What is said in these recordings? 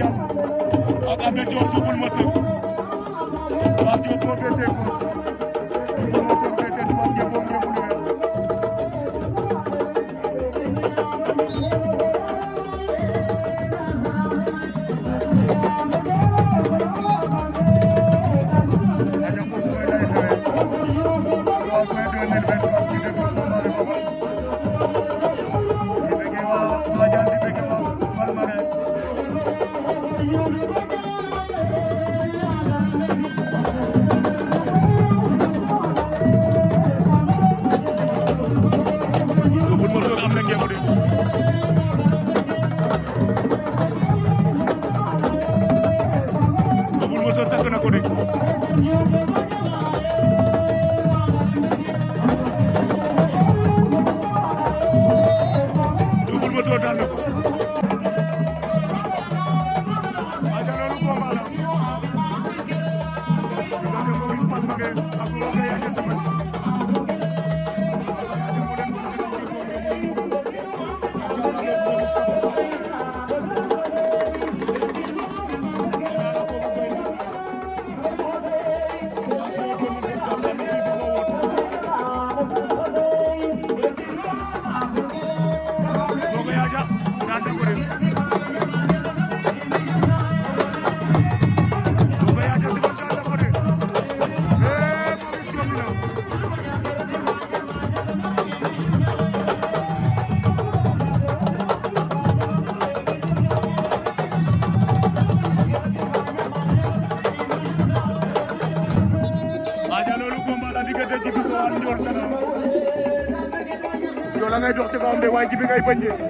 Dia ak Abbé Diop double moteur Ndombe waa ji bi ngay bañee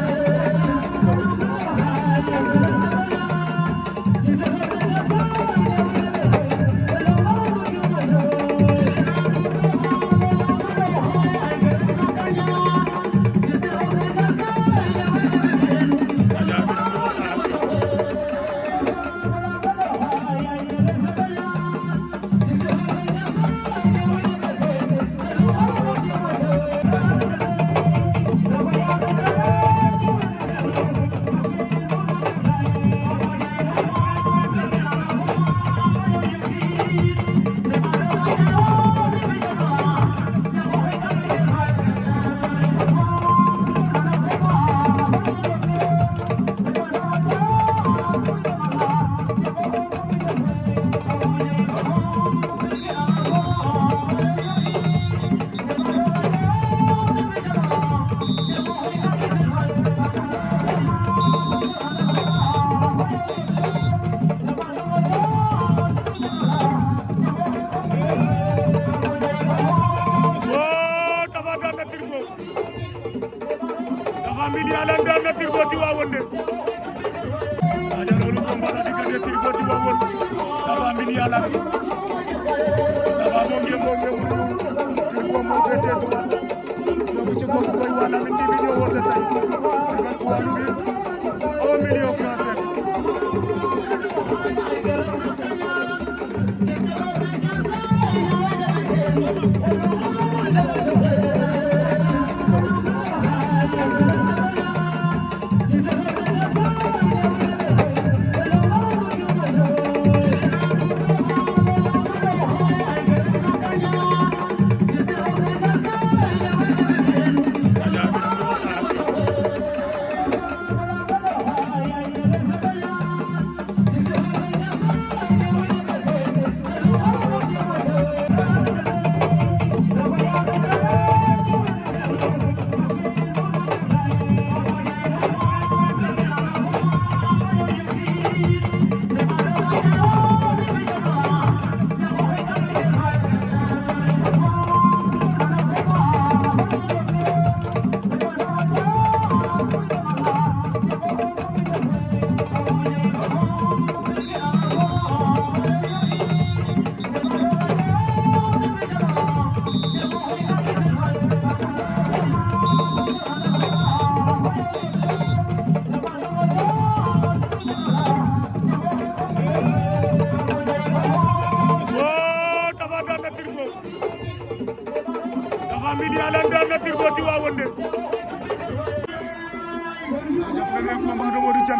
Thank you.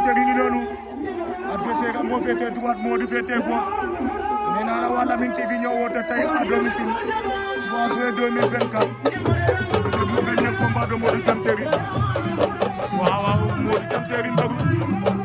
jàppante gi ngi noonu adversaire am moo féetee droite moo di féetee gauche nee naa la waa Lamyn TV ñoo woote tey à domicile 3 juin 2024 le premier combat de Modou Diam Terry waaw waaw Modou Diam Terry Ndaw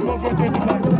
Go for 21.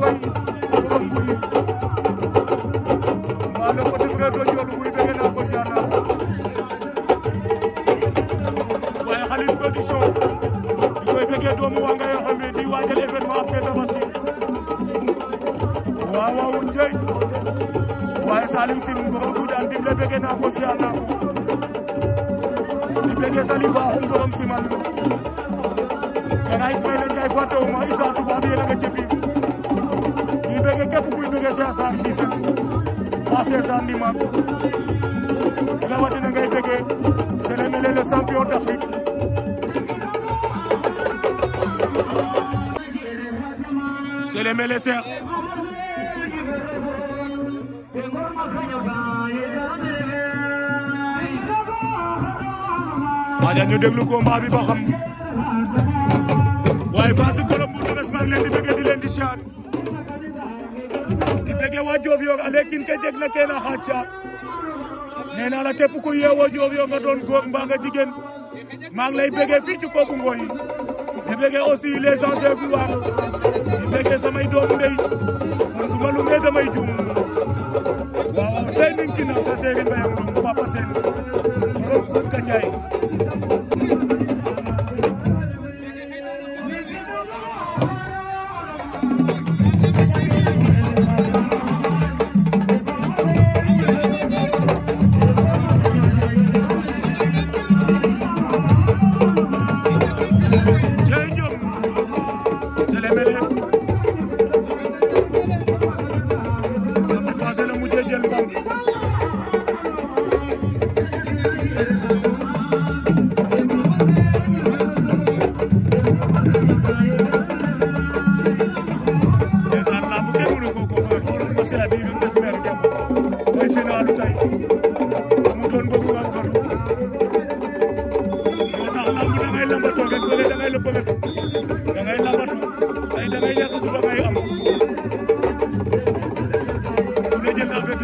fay borom buy maa le petit frère do jolu buy bëgg naa ko siyaar naa ko waaye Khalil production di koy bëggee doomu waa nga yoo xam ne di waajal événement après tabaski waaw waaw cey waaye Saliou Tine borom Soudan Tine la bëgg naa ko siyaar naa ko di bëggee Saliou Bakhoum borom Simal bëgg seexsaan fii si waa seexsaan di mag rawatina ngay bëggee Sénégal le champion d'Afrique Sénégal le seex waaye ñu déglu combat bi ba xam waaye Fass Colobane bu Ndourès maa ngi leen di bëggee di leen di siyaar di bëgg waa Diofior ale kin ke na kena xaca nee naa la képp ku yeewoo Diofior nga doon góor mbaa nga jigéen maa ngi lay bëggee fii ci kooku ngooy di bëggee aussi les anciens gloires di bëggee samay doomu ndey kon su ma lu ngee damay juum waaw waaw tey nin kina ka seeri mbayam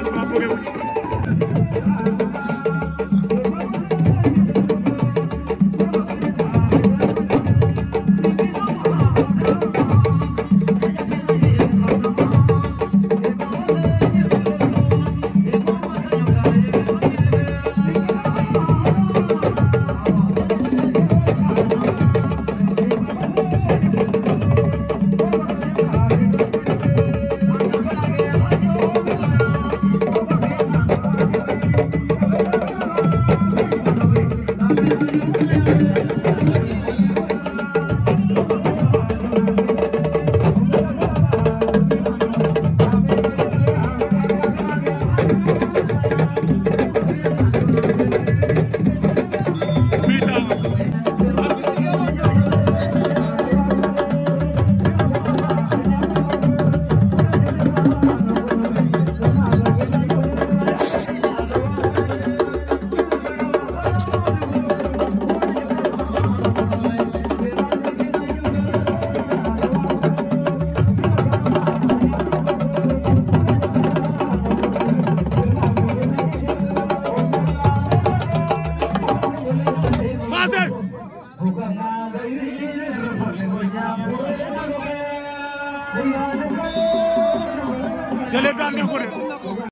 avertissement bougewuñu